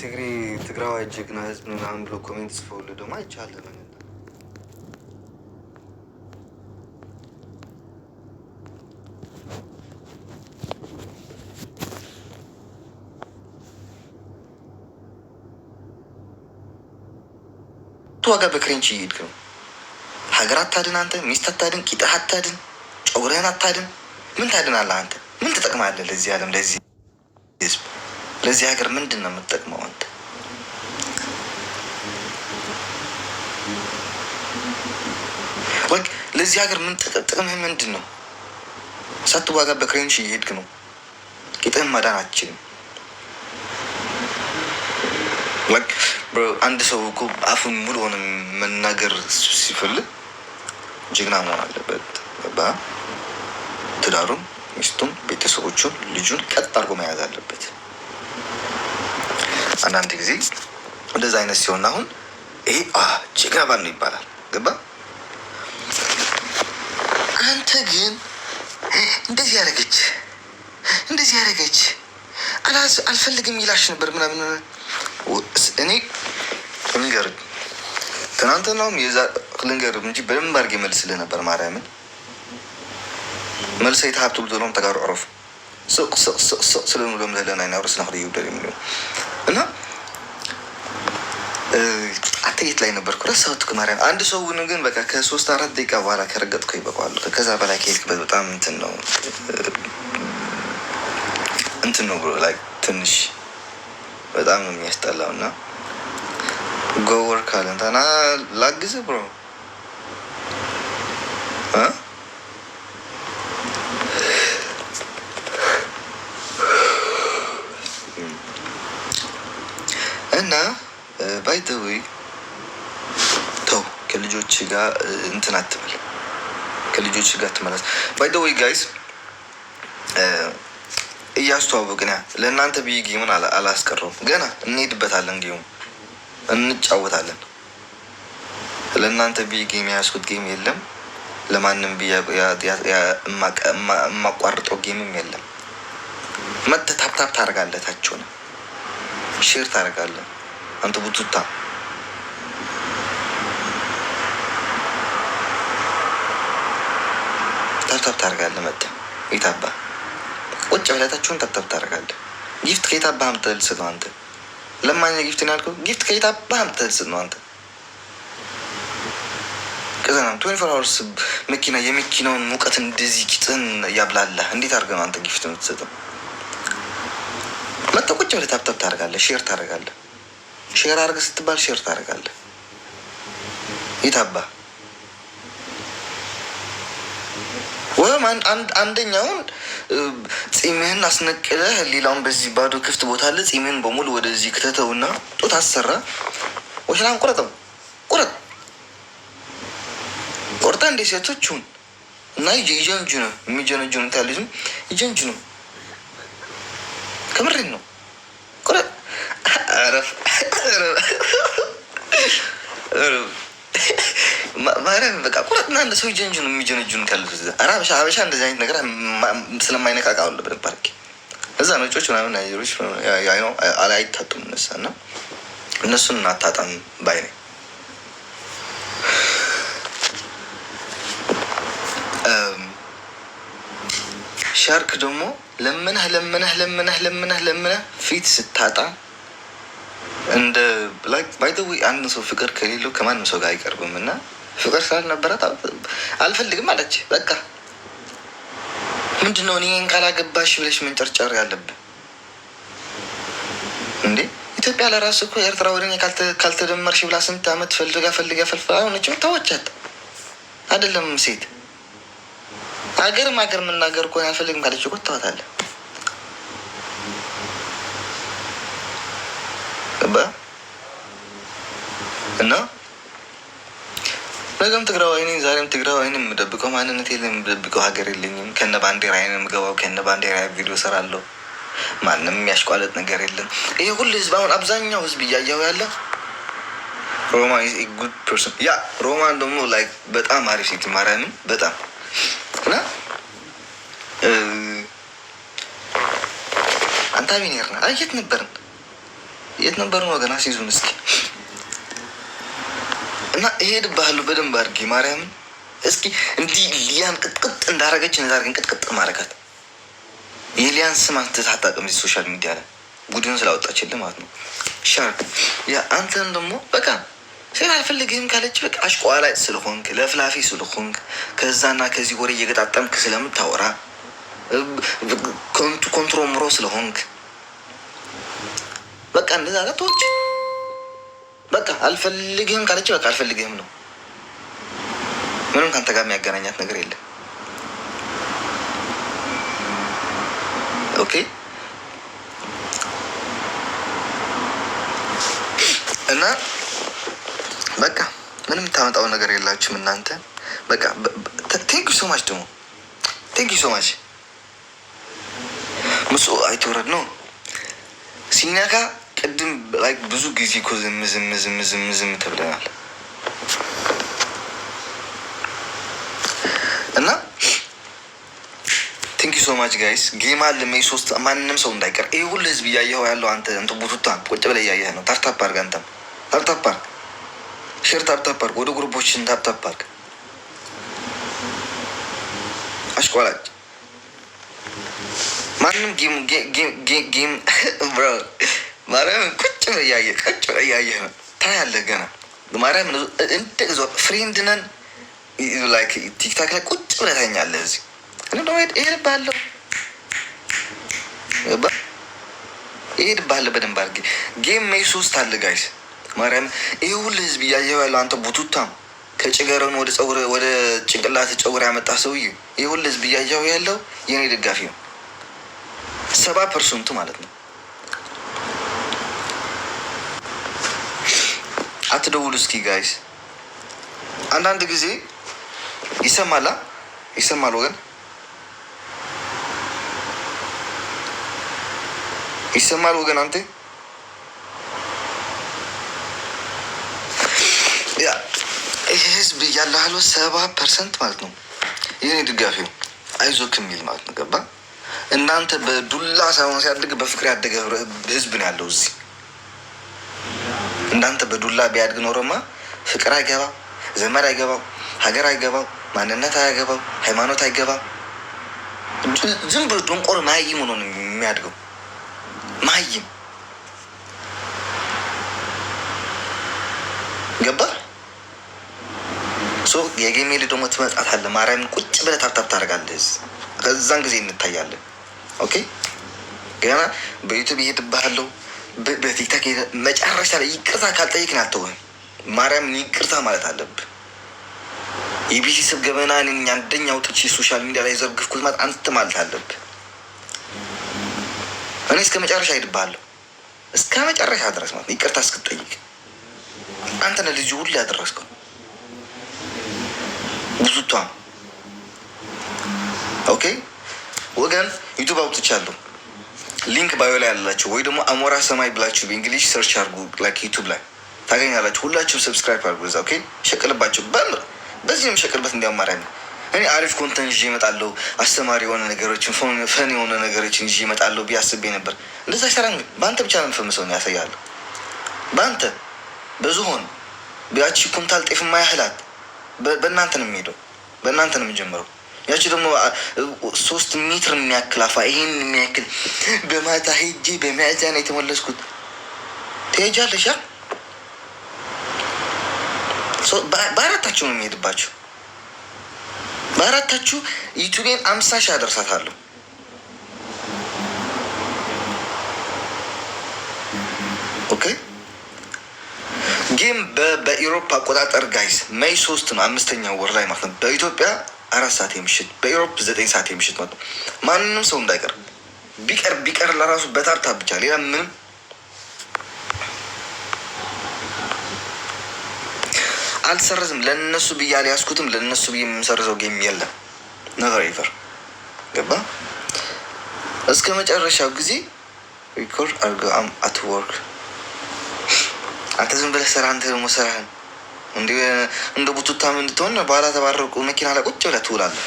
ትግሪ ትግራዋይ ጀግና ህዝብ ምናምን ብሎ ኮሜንት ጽፈውል ደግሞ አይቻለን። ዋጋ በክሬንች እየሄድክ ነው። ሀገር አታድን አንተ፣ ሚስት አታድን፣ ቂጥህ አታድን፣ ጨጉርህን አታድን። ምን ታድናለህ አንተ? ምን ትጠቅማለህ ለዚህ ዓለም ለዚህ ህዝብ ለዚህ ሀገር ምንድን ነው የምትጠቅመው አንተ? ለዚህ ሀገር ምን ጥቅምህ ምንድን ነው? ሳትዋጋ በክሬንሽ እየሄድክ ነው። ቂጥህን ማዳን አትችልም። አንድ ሰው እኮ አፉን ሙሉ ሆነ መናገር ሲፈልግ ጀግና መሆን አለበት። ትዳሩን፣ ሚስቱን፣ ቤተሰቦቹን፣ ልጁን ቀጥ አድርጎ መያዝ አለበት። አንዳንድ ጊዜ እንደዚ አይነት ሲሆን አሁን ይሄ ችግር ነው ይባላል። ገባ አንተ ግን እንደዚህ ያደረገች እንደዚህ ያደረገች አልፈልግም ይላሽ ነበር ምናምን። እኔ ልንገርህ ትናንትናውም የዛ ልንገር እንጂ በደንብ አድርጌ መልስልህ ነበር። ማርያምን መልሰ የተሀብቱ ብዘሎም ተጋሩ ዕሮፍ ስቅ ስቅ ስቅ ስቅ ስለምሎም ዘለና ይናብረስና ክደ ይውደር የሚለው እና አትሌት ላይ ነበርኩ ረሳሁት እኮ ማርያም። አንድ ሰውን ግን በቃ ከሶስት አራት ደቂቃ በኋላ ከረገጥኩ ይበቃዋል። ከዛ በላይ ከሄድክ በጣም እንትን ነው እንትን ነው ብሎ ላይ ትንሽ በጣም ነው የሚያስጠላው እና ጎወር ካለንታና ላግዝ ብሮ ከልጆች ጋር እንትን አትበል፣ ከልጆች ጋር ትመላስ። ባይ ዘ ወይ ጋይስ እያስተዋወቅን ያ ለእናንተ ብዬ ጌምን አላስቀረውም። ገና እንሄድበታለን፣ ጌሙ እንጫወታለን። ለእናንተ ብዬ ጌም የያዝኩት ጌም የለም። ለማንም ብዬ የማቋርጠው ጌምም የለም። መተህ ታፕታፕ ታደርጋለህ፣ ታች ሼር ታደርጋለህ። አንተ ቡቱታ ተብተብ ታደርጋለህ። መጥተህ የታባ ቁጭ ብለታችሁን ተብተብ ታደርጋለህ። ጊፍት ከየታባ ምትልስጥ ነው አንተ። ለማኝ ጊፍት ነው ያልከው። ጊፍት ከየታባ ምትልስጥ ነው አንተ። ቅዘና ቱዌንቲ ፎር አወርስ መኪና የመኪናውን ሙቀት እንደዚህ ቂጥን ያብላላህ። እንዴት አድርገህ ነው አንተ ጊፍት የምትሰጠው? መጥተህ ቁጭ ብለህ ታብታብ ታደርጋለህ። ሼር ታደርጋለህ። ሼር አድርገህ ስትባል ሼር ታደርጋለህ። የታባ ወይም አንደኛውን ጺምህን አስነቅለህ ሌላውን በዚህ ባዶ ክፍት ቦታ አለ። ጺምህን በሙሉ ወደዚህ ክተተውና ጡት አሰራ ወሽላም ቁረጠው፣ ቁረጥ ቆርጠ እንደ ሴቶች ሁን እና ይጀንጅ ነው የሚጀነጅኑ ታያልዝም ይጀንጅ ነው። ከምሬን ነው። ቁረጥ አረፍ ማርያም በቃ ቁረጥና እንደ ሰው ጀንጁን የሚጀነጁን ካለች ሀበሻ እንደዚህ አይነት ነገር ስለማይነቃቃ አሁን ነበር እዛ ነጮች ምናምን ናይሮች አይታጡም እነሳ እና እነሱን አታጣም ባይ ነኝ። ሻርክ ደግሞ ለምነህ ለምነህ ለምነህ ለምነህ ለምነህ ፊት ስታጣ እንደ ባይተዊ አንድ ሰው ፍቅር ከሌለው ከማንም ሰው ጋር አይቀርብም እና ፍቅር ስላልነበራት አልፈልግም አለች። በቃ ምንድነው እኔን ካላገባሽ ብለሽ መንጨርጨር ያለብን እንዴ? ኢትዮጵያ ለራስ እኮ ኤርትራ ወደ እኔ ካልተደመርሽ ብላ ስንት ዓመት ፈልጋ ፈልጋ ፈልፍላ ሆነችም ተወቻት። አይደለም ሴት ሀገርም ሀገር የምናገር ከሆነ አልፈልግም ካለች እኮ ተዋታለን። እና ነገም ትግራዊ ነኝ፣ ዛሬም ትግራዊ ነኝ። የምደብቀው ማንነት የለም፣ የምደብቀው ሀገር የለኝም። ከነ ባንዴራ ነው የምገባው፣ ከነ ባንዴራ ቪዲዮ ሰራለሁ። ማንም የሚያሽቋለጥ ነገር የለም። ይሄ ሁሉ ህዝብ አሁን አብዛኛው ህዝብ እያየው ያለ ሮማ ኢዝ ኤ ጉድ ፐርሰን። ያ ሮማን ደግሞ ላይክ በጣም አሪፍ ሴት ማርያምን በጣም እና አንተ ቢኔር ነ የት ነበርን? የት ነበርን? ወገና ሲዙን እስኪ እና እሄድብሃለሁ በደንብ አድርጌ ማርያም እስኪ እንዲህ ሊያን ቅጥቅጥ እንዳረገች እንደዛ ቅጥቅጥ ማረጋት። የሊያን ስም አንተ አታውቅም እዚህ ሶሻል ሚዲያ ላይ ቡድን ስላወጣችልህ ማለት ነው። ሻርክ ያ አንተን ደግሞ በቃ ሴት አልፈልግህም ካለች በቃ አሽቋላ ስለሆንክ ለፍላፊ ስለሆንክ ከዛና ከዚህ ወሬ እየገጣጠምክ ስለምታወራ ኮንትሮምሮ ስለሆንክ በቃ እንደዛ ጋር በቃ አልፈልግህም ካለች በቃ አልፈልግህም ነው። ምንም ከአንተ ጋር የሚያገናኛት ነገር የለም። ኦኬ እና በቃ ምንም የምታመጣው ነገር የላችሁም እናንተ። በቃ ቴንክ ዩ ማች ደግሞ ቴንክ ዩ ማች ምስ አይተወረድ ነው ሲኛካ ቅድም ላይክ ብዙ ጊዜ እኮ ዝም ዝም ዝም ዝም ዝም ተብለናል እና ቲንክ ዩ ሶ ማች ጋይስ ጌም አለ ሜይ ሶስት ማንም ሰው እንዳይቀር ይህ ሁሉ ህዝብ እያየኸው ያለው አንተ እንትን ቡቱታ ቁጭ ብለህ እያየህ ነው። ታፕታፕ አድርግ አንተም ታፕታፕ አድርግ ሼር ታፕታፕ አድርግ ወደ ጉርቦችን ታፕታፕ አድርግ አሽቋላጭ ማንም ጌም ጌም ጌም ማርያም ቀጭ ብለህ እያየህ ቀጭ ብለህ እያየህ ነው ታያለህ። ገና ማርያም እንደ እዞ ፍሬንድ ነን ላይክ ቲክታክ ላይ ቁጭ ብለህ ታኛለህ። እዚህ እኔም ደግሞ እሄድብሃለሁ እሄድብሃለሁ በደንብ አድርጌ ጌም ሜይ ሶስት አለ ጋይስ ማርያም ይህ ሁሉ ህዝብ እያየው ያለው አንተ ቡቱታም ከጭገረን ወደ ፀጉር ወደ ጭንቅላት ጨጉር ያመጣ ሰውዬ ይህ ሁሉ ህዝብ እያየው ያለው የኔ ደጋፊ ነው። ሰባ ፐርሰንቱ ማለት ነው። አትደውሉ እስኪ ጋይስ። አንዳንድ ጊዜ ይሰማላ ይሰማል ወገን ይሰማል ወገን። አንተ ይህ ህዝብ ያለህል ሰባ ፐርሰንት ማለት ነው የኔ ድጋፊው አይዞክ የሚል ማለት ነው። ገባ እናንተ በዱላ ሳይሆን ሲያድግ በፍቅር ያደገ ህዝብ ነው ያለው እዚህ እንዳንተ በዱላ ቢያድግ ኖረማ ፍቅር አይገባው፣ ዘመድ አይገባው፣ ሀገር አይገባው፣ ማንነት አያገባው፣ ሃይማኖት አይገባው። ዝም ብሎ ደንቆሮ ማይም ሆኖ ነው የሚያድገው። ማይም ገባ ሶ የጌሜል ደግሞ ትመጣታለህ። ማርያምን ቁጭ ብለህ ታብታብ ታደርጋለህ። ከዛን ጊዜ እንታያለን። ኦኬ ገና በዩቱብ ይሄድብሃለሁ በቲክታክ መጨረሻ ላይ ይቅርታ ካልጠየቅን አትሆንም። ማርያምን ይቅርታ ማለት አለብ። የቢሲ ስብ ገበና እኔ አንደኛ ውጥች ሶሻል ሚዲያ ላይ ዘርግፍኩት ማለት አንተ ማለት አለብ። እኔ እስከ መጨረሻ ሄድብሃለሁ፣ እስከ መጨረሻ ድረስ ማለት ይቅርታ እስክትጠይቅ። አንተ ነህ ልጁ ሁሉ ያደረስከው። ብዙቷም ኦኬ ወገን ዩቱብ አውጥቻለሁ ሊንክ ባዮ ላይ አላቸው ወይ ደግሞ አሞራ ሰማይ ብላችሁ በእንግሊሽ ሰርች አርጉ ላይክ ዩቱብ ላይ ታገኛላችሁ። ሁላችሁም ሰብስክራይብ አርጉ እዛ ኦኬ፣ ሸቅልባቸው በምር በዚህ ነው የምሸቅልበት። እንዲያማራ ነው እኔ አሪፍ ኮንተንት ይዤ እመጣለሁ፣ አስተማሪ የሆነ ነገሮችን ፈን የሆነ ነገሮችን ይዤ እመጣለሁ ብዬ አስቤ ነበር። እንደዛ አይሰራም። በአንተ ብቻ ነው ፈምሰው ነው ያሳያለሁ። በአንተ በዝሆን ቢያቺ ኩንታል ጤፍ ማያህላት በእናንተ ነው የሚሄደው፣ በእናንተ ነው የሚጀምረው። ያቺ ደግሞ ሶስት ሜትር የሚያክል አፋ ይህን የሚያክል በማታ ሄጄ በሚያዝያ ነው የተመለስኩት። ትሄጃለሽ? በአራታችሁ ነው የሚሄድባችሁ። በአራታችሁ ዩቱቤን አምሳ ሺህ አደርሳታለሁ። ኦኬ ግን በኢሮፓ አቆጣጠር ጋይዝ መይ ሶስት ነው አምስተኛው ወር ላይ ማለት ነው በኢትዮጵያ አራት ሰዓት የምሽት በኢሮፕ ዘጠኝ ሰዓት የምሽት ማለት ነው። ማንንም ሰው እንዳይቀር ቢቀር ቢቀር ለራሱ በታርታ ብቻ ሌላ ምንም አልሰረዝም። ለነሱ ብዬ አልያዝኩትም። ለነሱ ብዬ የምሰርዘው ጌም የለም። ነቨር ኤቨር ገባ እስከ መጨረሻው ጊዜ ሪኮርድ አርገ አም አት ወርክ አንተ ዝም ብለህ ስራ አንተ ደግሞ ስራህን እንደ ቡቱታም እንድትሆን ባላ ተባረቁ መኪና ላይ ቁጭ ብለህ ትውላለህ።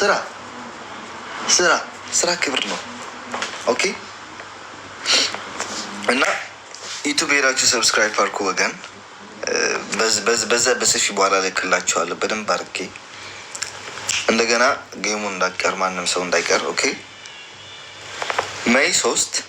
ስራ ስራ ስራ ክብር ነው። ኦኬ እና ዩቱብ ሄዳችሁ ሰብስክራይብ አድርጉ ወገን። በዛ በሰፊ በኋላ ልክላችኋለሁ በደንብ አድርጌ። እንደገና ጌሙ እንዳቀር ማንም ሰው እንዳይቀር። ኦኬ ሜይ ሶስት